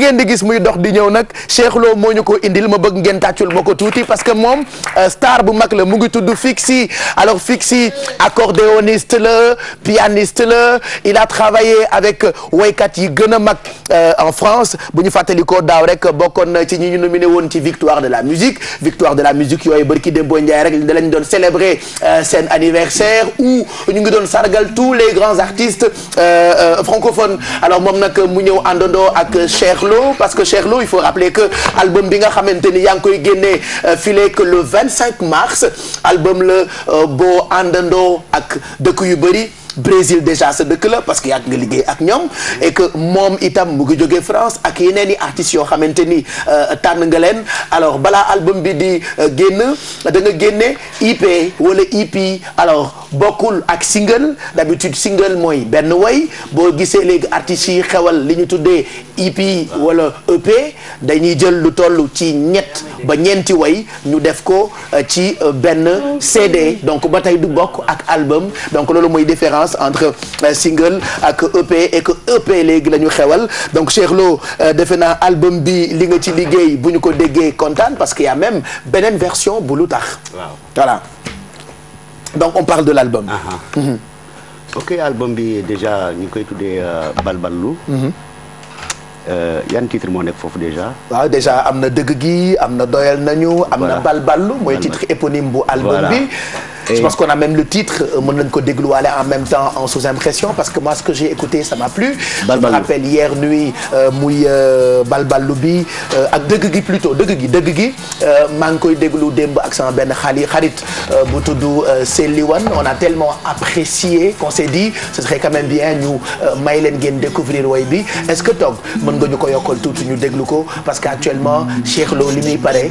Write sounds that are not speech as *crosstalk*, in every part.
ngeen di gis muy dox di ñëw nag Cheikh Lo moo ñu ko indil ma bëgg ngeen tàccul ma ko tuuti parce que moom euh, star bu mag la mu ngi tudd Fixi alors Fixi accordéoniste la pianiste la il a travaillé avec kat yi gën a mag euh, en France bu ñu fàttalikoo daaw rek bokkoon ci ñu ñu nominé woon ci victoire de la musique victoire de la musique yooyu barki Dembo Ndiaye rek da lañ doon célébrer euh, seen anniversaire ou ñu ngi doon sargal tous les grands artistes francophones alors moom nag mu ñëw àndandoo ak Cheikh loo parce que Cheikh Lo il faut rappeler que album bi nga xamante ni yaa ngi koy génnee euh, fileeg le 25 mars album la euh, boo àndandoo ak dëkk yu bëri. Brésil déjà sa dëkk la parce que yàgg nga liggéey ak ñoom et que moom itam mu ngi jógee France ak yeneen i artistes yoo xamante ni euh, tànn nga leen alors balaa album bi di génn da génne IP wala EP alors. bokkul ak single d'habitude single mooy benn woy boo gisee léegi artistes yi xewal li ñu tuddee EP wala EP dañuy jël lu toll ci ñett ba ñeenti woy ñu def ko euh, ci euh, benn CD donc ba tey du bokk ak album donc loolu mooy différence entre euh, single ak EP et que EP léegi la ñu xewal donc Cheikh Lo defe naa album bi li nga ci liggéey bu ñu ko déggee kontaan parce que y a même beneen version bu lu tax donc on parle de l'album uh ah, -huh. Ah. Mhm. ok album bi déjà ñu koy tuddee euh, balballu mhm. euh, yan titre moo nekk foofu déjà waaw déjà am na dëgg gi am na doyal nañu am na balballu mooy titre éponyme bu album bi je pense qu'on a même le titre euh, mën nañu ko dégluwaale en même temps en sous impression parce que moi ce que j'ai écouté ça m'a plu je me rappelle hier nuit euh, muy euh, balballu bi ak dëgg gi plutôt dëgg gi dëgg gi maa ngi koy déglu démb ak sama benn xali xarit bu tudd Seliwan on a tellement apprécié qu'on s'est dit ce serait quand même bien ñu may leen ngeen découvrir way bi est-ce que toog mën nga ñu ko yokkal tuuti ñu déglu ko parce que actuellement Cheikh Lo li muy pare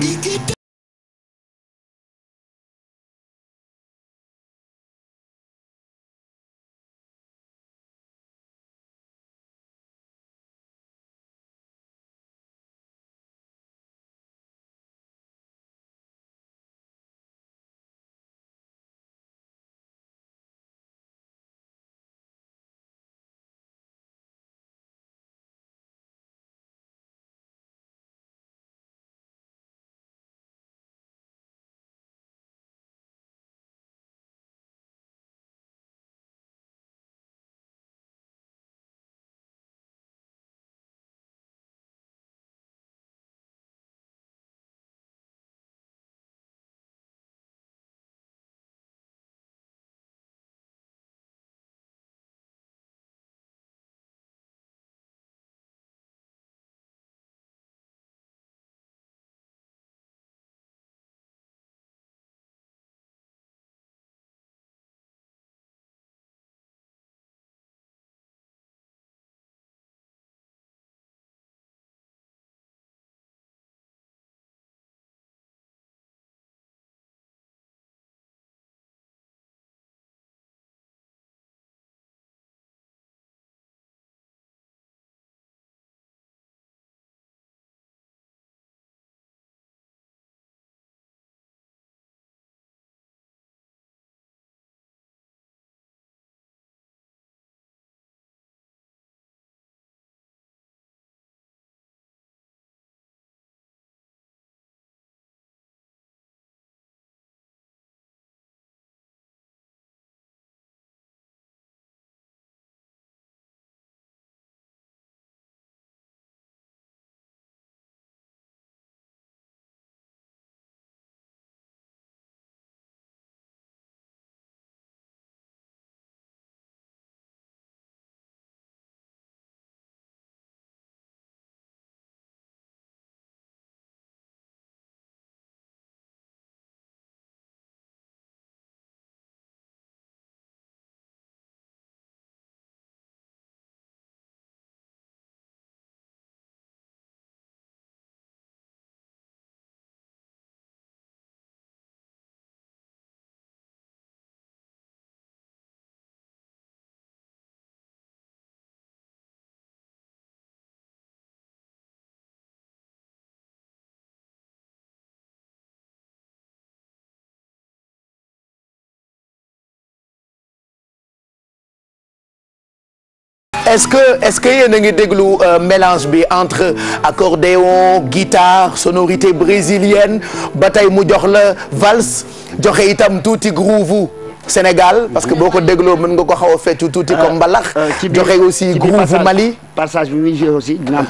est-ce que est-ce que yéen a ngi déglu euh, mélange bi entre accordéon guitare sonorité brésilienne ba tey mu jox la valse joxe itam tuuti groove Sénégal parce que boo ko dégloo mën nga ko xaw a feccu tuuti comme euh, mbalax euh, joxe aussi groove Mali parsage bi muy joué aussi dina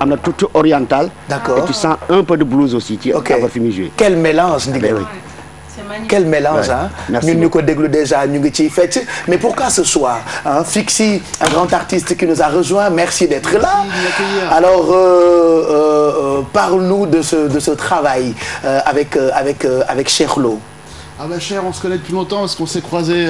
am na tuuti oriental d'accord et tu sens un peu de blues aussi ci avoir fi muy joué quel eh quel mélange ah ñun ñu ko déglu déjà ñu ngi ciy fecc mais pourquoi ce soir ah Fixi un grand artiste qui nous a rejoint merci d'être là alors euh, euh, euh, parle-nous de ce de ce travail euh, avec euh, avec euh, avec Cheikh Lo ah ben Cheikh on se connaît depuis longtemps parce qu'on s'est croisé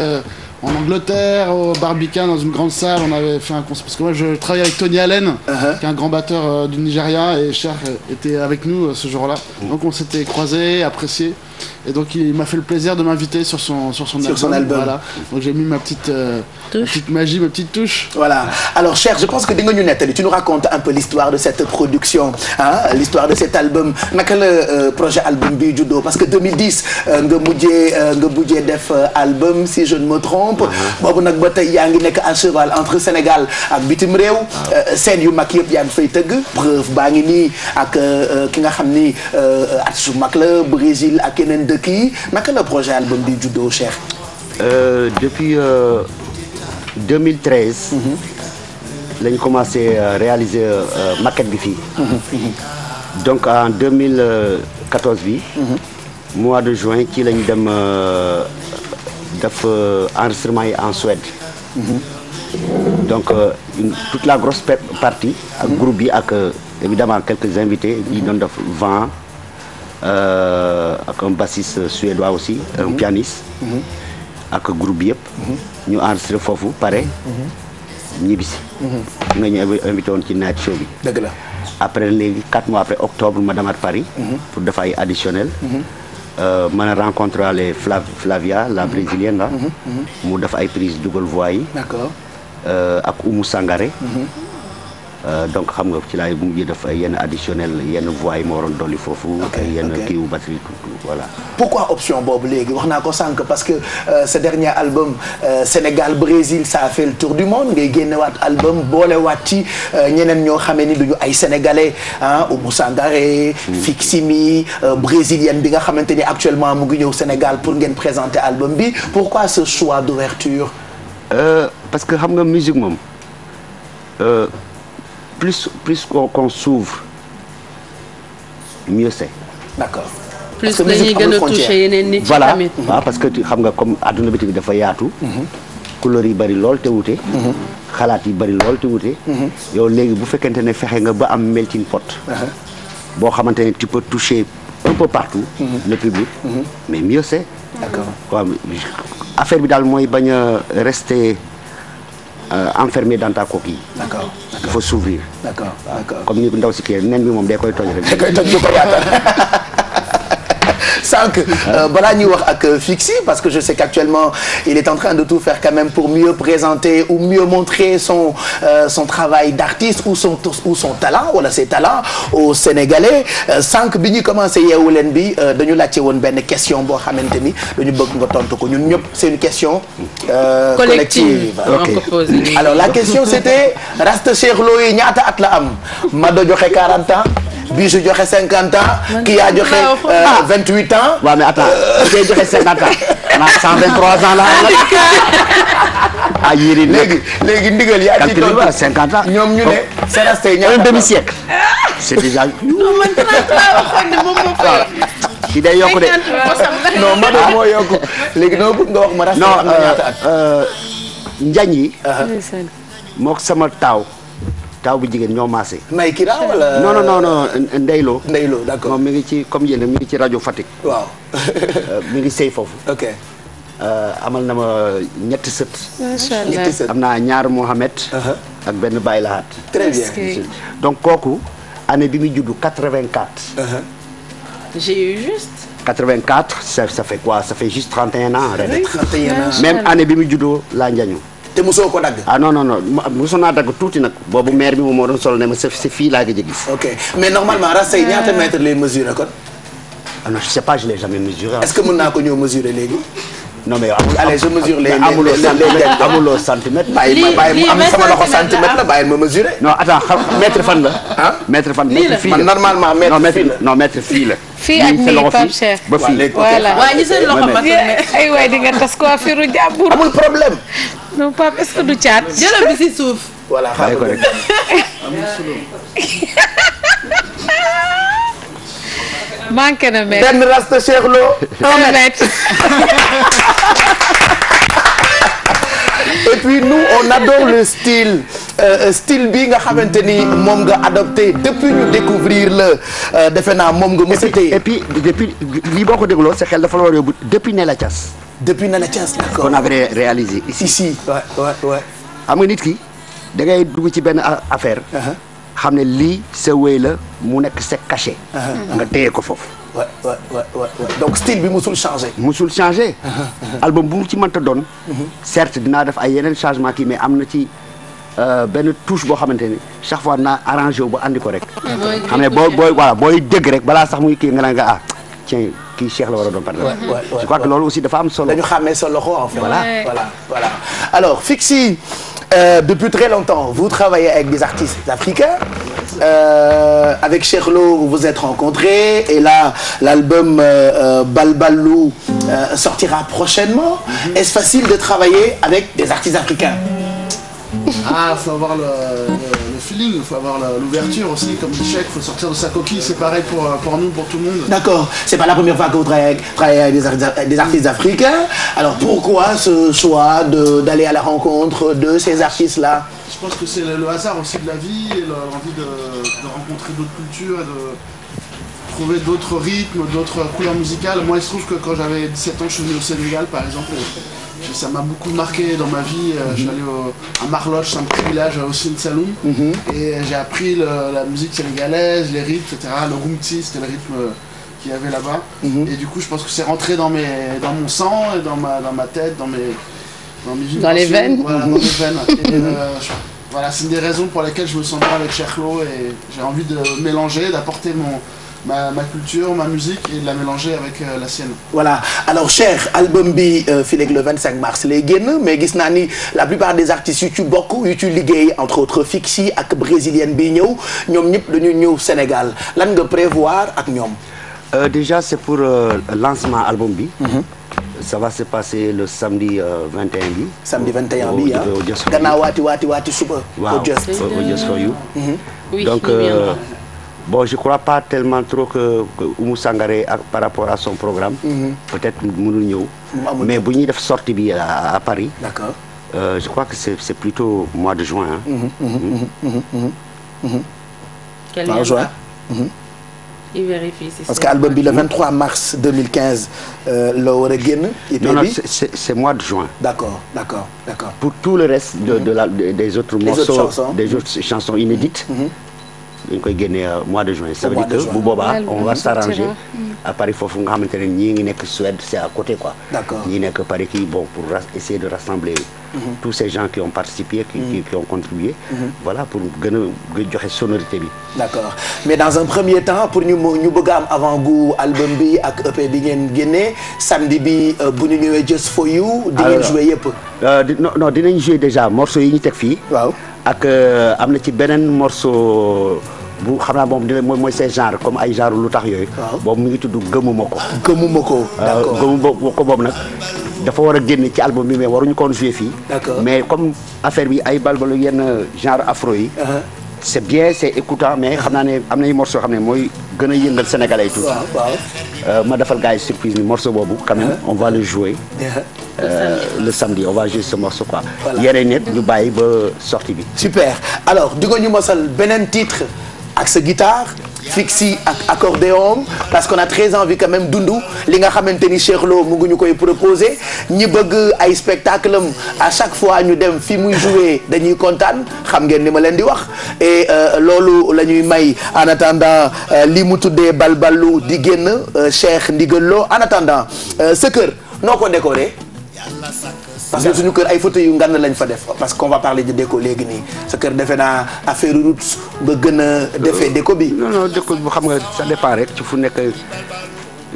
en Angleterre au Barbican dans une grande salle on avait fait un concert parce que moi je travaillais avec Tony Allen uh -huh. qui est un grand batteur du Nigeria et Cheikh était avec nous ce jour-là donc on s'était croisé apprécié Et donc il m'a fait le plaisir de m'inviter sur son, sur son sur album. Son album. Voilà. Donc j'ai mis ma petite, euh, ma petite magie, ma petite touche. Voilà. cher, je pense que dinga ñu nettali tu nous racontes un peu l'histoire de cette production l'histoire de cet album naka euh, projet album bi juddoo parce que 2010 euh, nga euh, def album si je ne me trompe. Uh-huh. boobu nag ba tey yaa ngi nekk à cheval entre Sénégal ak bitim réew. Ah. scène yu mag yëpp yaa ngi fay tëgg. preuve baa ngi nii ak ki nga xam ni artiste bu la Brésil yeneen dëkk yi naka la projet album bi juddoo Cheikh. Euh, depuis 2013. Euh, mhm. lañ commencé euh, réaliser maquette bi fii. Mhm. donc en 2014 bi. Mhm. mois de juin ci lañ dem def enregistrement yi en Suède. donc toute la grosse partie. ak groupe bi ak évidemment quelques invités. yi doon def vent. Euh, ak un bassiste suédois aussi un mhm. pianiste mhm. ak groupe bi yëpp mhm. ñu enregistré foofu pare ñibbisi nga ñu invité woon ci night show bi dëgg la après léegi quatre mois après octobre ma demaat Paris pour def ay additionnel euh, mën a rencontré les Flavia la brésilienne la mu def ay prise dugal voix yi d'accord euh, ak Oumou Sangaré Euh, donc xam nga ci laay mu ngi def yenn additionnel yenn voix yi ma waroon dolli foofu. yenn kii wu batterie voilà. pourquoi option boobu léegi wax naa ko sànq parce que euh, ce dernier album euh, Sénégal Brésil ça a fait le tour du monde ngay génnewaat album boolewaat ci ñeneen ñoo xamee ni duñu ay sénégalais ah Oumou Sangaré. Mm. Fiximi brésilienne bi nga xamante ni actuellement mu ngi ñëw Sénégal pour ngeen présenter album bi pourquoi ce choix d'ouverture. parce que xam nga musique moom. plus plus qu'on s'ouvre mieux c'est. d'accord. plus dañuy gën a yeneen nit. voilà waaw ah, parce que xam nga comme adduna bi dafa yaatu. Mhm. couleur yi bari lool te wute. Mhm. xalaat yi bari lool te wute. Mhm. yow léegi bu fekkente ne fexe nga ba am melting pot. Uh-huh. boo xamante ne tu peux toucher un peu partout. le public. mais mieux affaire bi daal mooy bañ a rester euh, enfermé dans ta coquille. dafa s'ouvrir. d'accord d'accord comme ni ndaw si kii nen bi moom day koy toj rek. da koy toj du ko yaatal. *laughs* sànq balaa ñuy wax ak euh, Fixi parce que je sais qu'actuellement il est en train de tout faire quand même pour mieux présenter ou montrer son euh, son travail d'artiste ou son ou son talent wala ses talents aux Sénégalais sànq euh, bi ñuy commencé yeewu leen bi euh, dañu laajte woon benn question boo xamante ni dañu bëgg nga tontu ko ñun ñëpp c'est une question euh, collective okay. alors la question c'était Rasta Cheikh Lo yi ñaata at la am joxe 40 ans bii su joxe cinquante ans. kii yaa joxe euh, vingt huit ans. waaw mais attends euh. kii joxe cinquante ans. *laughs* maanaam cent vingt trois ans la ah yéen it léegi léegi ndigal yaa cinquante ans ñoom ñu ne. Oh. un demi *laughs* c'est déjà. non man trente laa ah. yokk de. non man de *laughs* léegi dama bëgg nga wax ma. non euh, njañ yi. mook sama taaw. taaw bu jigéen ñoo maase. may kii daal wala. non non non Ndeylo. mi ngi ci comme yéen mi ngi ci rajo Fatick. waaw. *laughs* Euh, ngi sëy foofu. ok euh, amal na ma ñetti sët. macha am naa ñaar Mohamed. Uh-huh. ak benn Baye Lahat. donc kooku année bi muy juddu 84. j'ai eu juste. 84 ça ça fait quoi ça fait juste 31 ans. ren bi muy juddoo laa njañu. te mosoo ko dagg ah non non non mosoon naa dagg tuuti nag boobu maire bi moom moo doon sol ne ma sa sa fii laa gëj a gis ok mais normalement rasta yi ñaata euh. mètre lay mesurer kon ah non je sais pas je l'ai jamais mesuré est-ce que mën naa ko ñëw mesurer léegi non mais amul allez je mesure les amuloo centimètre amuloo centimètre. bàyyi ma bàyyi ma am sama loxo centimètre la bàyyi ma mesurer. non attends xam mètre fan la. ah mètre fan mètre fii la man normalement mètre fii la non mètre fii la. fii ak nii Pape Cheikh ba fii voilà. waaye ñu seen loxo ba ay waay di nga tas coiffure jàmbur. amul problème non Pape est-ce que du caat. jëlal bi si suuf. voilà xaaral ko rek. *laughs* manqué na mètre benn rasta Cheikh Lo. un mètre. *laughs* et puis nous on adore le style. Euh, euh, style bi nga xamante ni moom nga adopté depuis ñu découvrir la euh, defe naa moom nga mos et puis depuis lii boo ko dégloo sa xel dafa la war a yóbbu ne la Thiass depuis Nella la d'accord qu'on avait réalisé ici ici nit ki da ngay dugg ci benn affaire uh-huh. xam ne lii sa wéy la mu nekk sa cachet uh-huh. nga téye ko foofu waaw waaw waaw donc style bi musul changé. musul changé. Uh-huh, album bu mu ci mënta doon. certes dinaa def ay yeneen changement ki mais am na ci Euh, benn touche boo xamante ni chaque fois naa arrangé wu ba andi ko rek. xam ne boo booy booy dégg balaa sax muy kii nga naan ah, kii Cheikh la war a loolu aussi dafa am solo. dañu xàmmee sa loxo en fait. voilà voilà alors Fixi euh, depuis très longtemps vous travaillez avec des artistes africains. Euh, avec Cheikh Lo vous vous êtes rencontrés et là l'album euh, euh, euh sortira prochainement. Est-ce facile de travailler avec des artistes africains? *laughs* Ah, faut avoir le, le, le feeling, il faut avoir l'ouverture aussi, comme dit Chèque, il faut sortir de sa coquille, c'est pareil pour, pour nous, pour tout le monde. D'accord, c'est pas la première fois que vous travaillez avec des, artistes, des artistes africains, alors pourquoi ce choix d'aller à la rencontre de ces artistes-là Je pense que c'est le, le, hasard aussi de la vie, et l'envie de, de, rencontrer d'autres cultures et de trouver d'autres rythmes, d'autres couleurs musicales. Moi, il se trouve que quand j'avais 17 ans, je suis venu au Sénégal, par exemple, et, ça m'a beaucoup marqué dans ma vie. Euh, mm -hmm. Je suis allé au, à Marloche, c'est un petit village aussi une saloum. Mm -hmm. Et euh, j'ai appris le, la musique sénégalaise, les rythmes, etc. Le rumti, c'était le rythme euh, qu'il y avait là-bas. Mm -hmm. Et du coup, je pense que c'est rentré dans, mes, dans mon sang, et dans, ma, dans ma tête, dans mes, dans mes vibrations. Dans les veines Voilà, dans mes veines. *laughs* Et, euh, je, voilà, c'est une des raisons pour lesquelles je me sens bien avec Cherlo et j'ai envie de mélanger, d'apporter mon, ma, ma culture ma musique et de la mélanger avec euh, la sienne. voilà alors euh, le génn mais gis naa ni la plupart des artistes yu ci bokk yu ci liggéey entre autres Fixi ak brésilienne ñoom ñëpp dañu ñëw Sénégal lan nga prévoir ak ñoom. Euh, déjà c'est pour euh, lancement album bi. Mhm. ça va se le samedi euh, 21 bi. samedi 21 bi ah gannaaw waati waati Bon, je ne crois pas tellement trop que, que Oumou Sangaré par rapport à son programme. Mhm. Peut-être Mounouniou. Mm -hmm. Mais si nous sorti à, à Paris, euh, je crois que c'est plutôt mois de juin. Hein. Mm Quel mois juin il vérifie si Parce qu'album le 23 mars 2015, euh, l'aurait Non, non c'est mois de juin. D'accord, d'accord, d'accord. Pour tout le reste de, de la, de, des autres Les morceaux, autres des chansons inédites, dañ koy génnee euh, mois de juin ça veut bu boobaa on va s'arranger à Paris foofu nga xamante ne ñii ngi nekk Suède c'est à côté quoi ñii nekk Paris kii bon pour essayer de rassembler mm-hmm. tous ces gens qui ont participé qui, qui contribué mm-hmm. voilà pour gën a joxe sonorité bi d'accord mais dans un premier temps pour ñu ñu bëgg am avant-goût album bi ak EP bi ngeen génnee samedi bi euh, bu ñu ñëwee Just For You di ngeen jouer yëpp euh, non non dinañ jouer déjà morceau yi ñu teg fii waaw ak euh, am na ci beneen morceau bu xam naa moom mooy seen genre comme ay genre lu tax yooyu. boobu mu ngi tudd gëmuma ko. gëmuma ko euh, d'accord gëmuma ko boobu nag. dafa war a génn ci album bi mais waruñu ko woon joué fii. mais comme affaire bi ay balbalu yenn genre afro yi. Uh-huh. c'est bien c'est écoutant mais xam naa ne am na ay morceaux xam ne mooy gën a yëngal sénégalais yi tuuti. Euh, ma defal gars yi surprise ni morceau boobu quand même uh-huh. on va le jouer. Uh-huh. Euh, le samedi on va jouer ce morceau quoi. voilà yeneen yëpp ñu bàyyi ba sortie bi. super alors di nga ñu mosal beneen titre ak sa guitare. fixi ak accordéon parce qu'on a très envie quand même dundu li nga xamante ni Cheikh Lo mu ñu koy proposer ñi bëgg ay spectacle am à chaque fois ñu dem fi muy jouer dañuy kontaan xam ngeen ni ma leen di wax e loolu la ñuy may en attendant euh, li mu tuddee balballu di génn euh, Cheikh Ndigal Lo en attendant sa kër noo ko décorer parce que suñu kër ay fauteuils yu ngand lañ fa def parce qu'on va parler de déco léegi nii sa kër defe naa affaire route ba gën a defee euh, déco bi non non déco bu xam nga ça ci fu nekk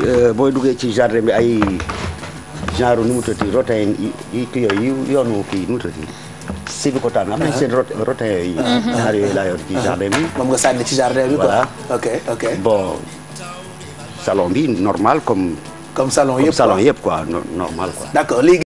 euh, booy duggee ci jardin bi ay genre nu mu tëddee rotin yi kii yooyu yoonu kii nu mu tëddee bi ko tànn am mm-hmm. ci jardin bi moom nga sànni ci jardin bi voilà ok ok bon salon bi normal comme comme salon yëpp salon yëpp quoi normal quoi d'accord